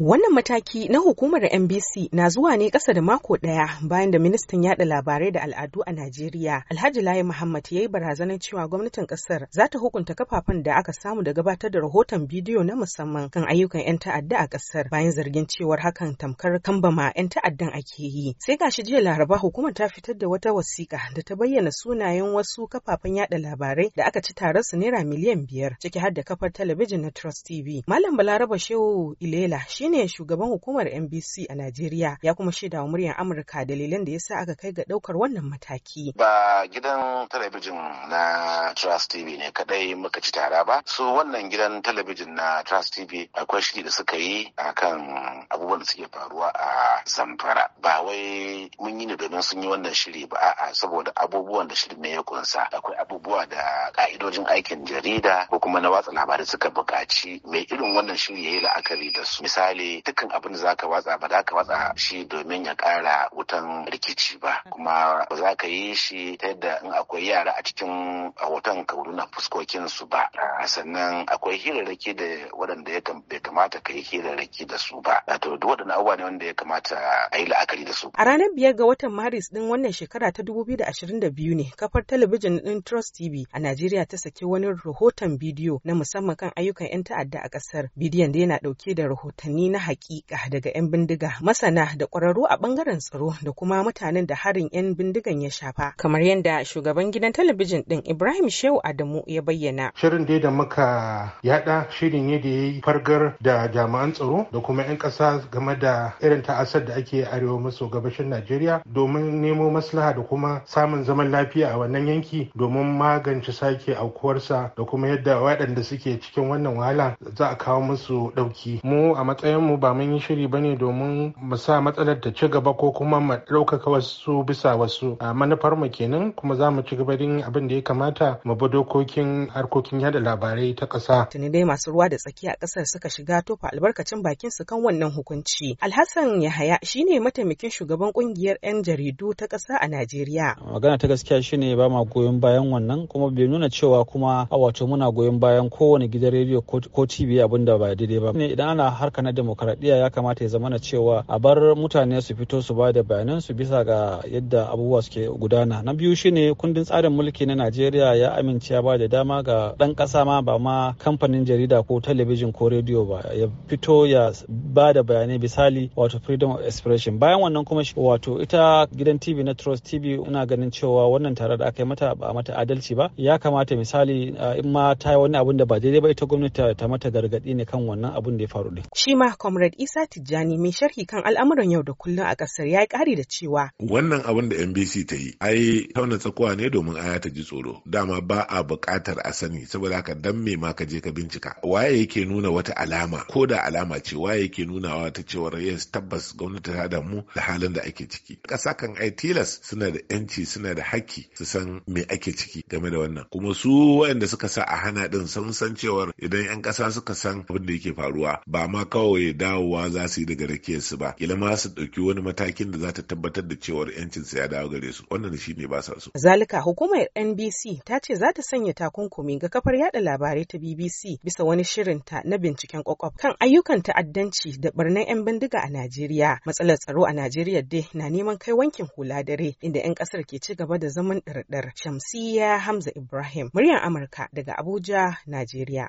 Wannan mataki na hukumar MBC na zuwa ne ƙasa da mako ɗaya bayan da ministan yada labarai da al'adu a Najeriya Alhaji Layi Muhammad ya yi barazanar cewa gwamnatin ƙasar za ta hukunta kafafen da aka samu da gabatar da rahoton bidiyo na musamman kan ayyukan 'yan ta'adda a ƙasar bayan zargin cewar hakan tamkar kambama 'yan ta'addan ake yi. Sai gashi jiya Laraba hukumar ta fitar da wata wasiƙa da ta bayyana sunayen wasu kafafen yada labarai da aka ci taron su naira miliyan biyar ciki har da kafar talabijin na Trust TV. Malam Balaraba Shehu Ilela shi shine shugaban hukumar NBC a Najeriya ya kuma shaida wa muryar Amurka dalilan da yasa aka kai ga daukar wannan mataki. Ba gidan talabijin na Trust TV ne kadai muka ci tara ba. Su wannan gidan talabijin na Trust TV akwai shiri da suka yi akan abubuwan da suke faruwa a Zamfara. Ba wai mun yi ne domin sun yi wannan shiri ba a'a saboda abubuwan da shirin ne ya kunsa. Akwai abubuwa da ka'idojin aikin jarida ko kuma na watsa labarai suka buƙaci mai irin wannan shiri ya yi la'akari da su. Misali misali dukkan abin da zaka watsa ba za ka watsa shi domin ya kara wutan rikici ba kuma ba za ka yi shi ta yadda in akwai yara a cikin hoton ka nuna fuskokin su ba sannan akwai hirarraki da waɗanda ya bai kamata ka yi hirarraki da su ba wato duk waɗannan abubuwa ne wanda ya kamata a yi la'akari da su. A ranar biyar ga watan Maris ɗin wannan shekara ta 2022 ne kafar talabijin ɗin Trust TV a Najeriya ta saki wani rahoton bidiyo na musamman kan ayyukan 'yan ta'adda a ƙasar. Bidiyon da yana ɗauke da rahotanni na hakika daga 'yan bindiga masana da ƙwararru a ɓangaren tsaro da kuma mutanen da harin 'yan bindigan ya shafa kamar yadda shugaban gidan talabijin ɗin ibrahim shehu adamu ya bayyana shirin dai da muka yada shirin ne da ya yi fargar da jami'an tsaro da kuma 'yan ƙasa game da irin ta'asar da ake arewa maso gabashin najeriya domin nemo maslaha da kuma samun zaman lafiya a wannan yanki domin magance sake aukuwarsa da kuma yadda waɗanda suke cikin wannan wahala za a kawo musu ɗauki mu a matsayin mu ba mun yi shiri ba ne domin mu sa matsalar ta ci gaba ko kuma mu ɗaukaka wasu bisa wasu a manufar mu kenan kuma za mu ci gaba da abin da ya kamata mu bi dokokin harkokin yada labarai ta ƙasa. Tuni dai masu ruwa da tsakiya ƙasar suka shiga tofa albarkacin bakin su kan wannan hukunci. Alhassan Yahaya shine mataimakin shugaban ƙungiyar 'yan jaridu ta ƙasa a Najeriya. Magana ta gaskiya shine ba ma goyon bayan wannan kuma bai nuna cewa kuma a wato muna goyon bayan kowane gidan rediyo ko TV abin da ba daidai ba. Idan ana harka na demokaradiyya ya kamata ya zamana cewa a bar mutane su fito su ba da bayanan su bisa ga yadda abubuwa suke gudana na biyu shine kundin tsarin mulki na najeriya ya amince ya bada dama ga dan kasa ma ba ma kamfanin jarida ko talabijin ko rediyo ba ya fito ya ba da bayanai misali wato freedom of expression bayan wannan kuma wato ita gidan tv na trust tv ina ganin cewa wannan tare da aka yi mata ba mata adalci ba ya kamata misali in ma ta yi wani abun da ba daidai ba ita gwamnati ta mata gargadi ne kan wannan abun da ya faru din kuma Comrade Isa Tijjani mai sharhi kan al'amuran yau da kullum a kasar ya yi ƙari da cewa. Wannan abin da NBC ta yi, ai tauna tsakuwa ne domin aya ta ji tsoro. Dama ba a buƙatar a sani saboda haka dan me ma ka je ka bincika. Waye yake nuna wata alama ko da alama ce waye yake nunawa ta cewa yes tabbas gwamnati ta damu da halin da ake ciki. Ƙasa kan ai tilas suna da yanci suna da haƙƙi su san me ake ciki game da wannan. Kuma su waɗanda suka sa a hana ɗin sun san cewar idan 'yan ƙasa suka san abin da yake faruwa ba ma kawai kawai dawowa za su yi daga rakiyarsu ba kila ma su ɗauki wani matakin da za ta tabbatar da cewar yancinsu ya dawo gare su wannan shi ne ba sa so. Zalika hukumar NBC ta ce za ta sanya takunkumi ga kafar yada labarai ta BBC bisa wani shirinta na binciken kwakwaf kan ayyukan ta'addanci da barnan 'yan bindiga a Najeriya. Matsalar tsaro a Najeriya dai na neman kai wankin hula dare inda 'yan kasar ke ci gaba da zaman ɗarɗar. Shamsiya Hamza Ibrahim, muryar Amurka daga Abuja, Najeriya.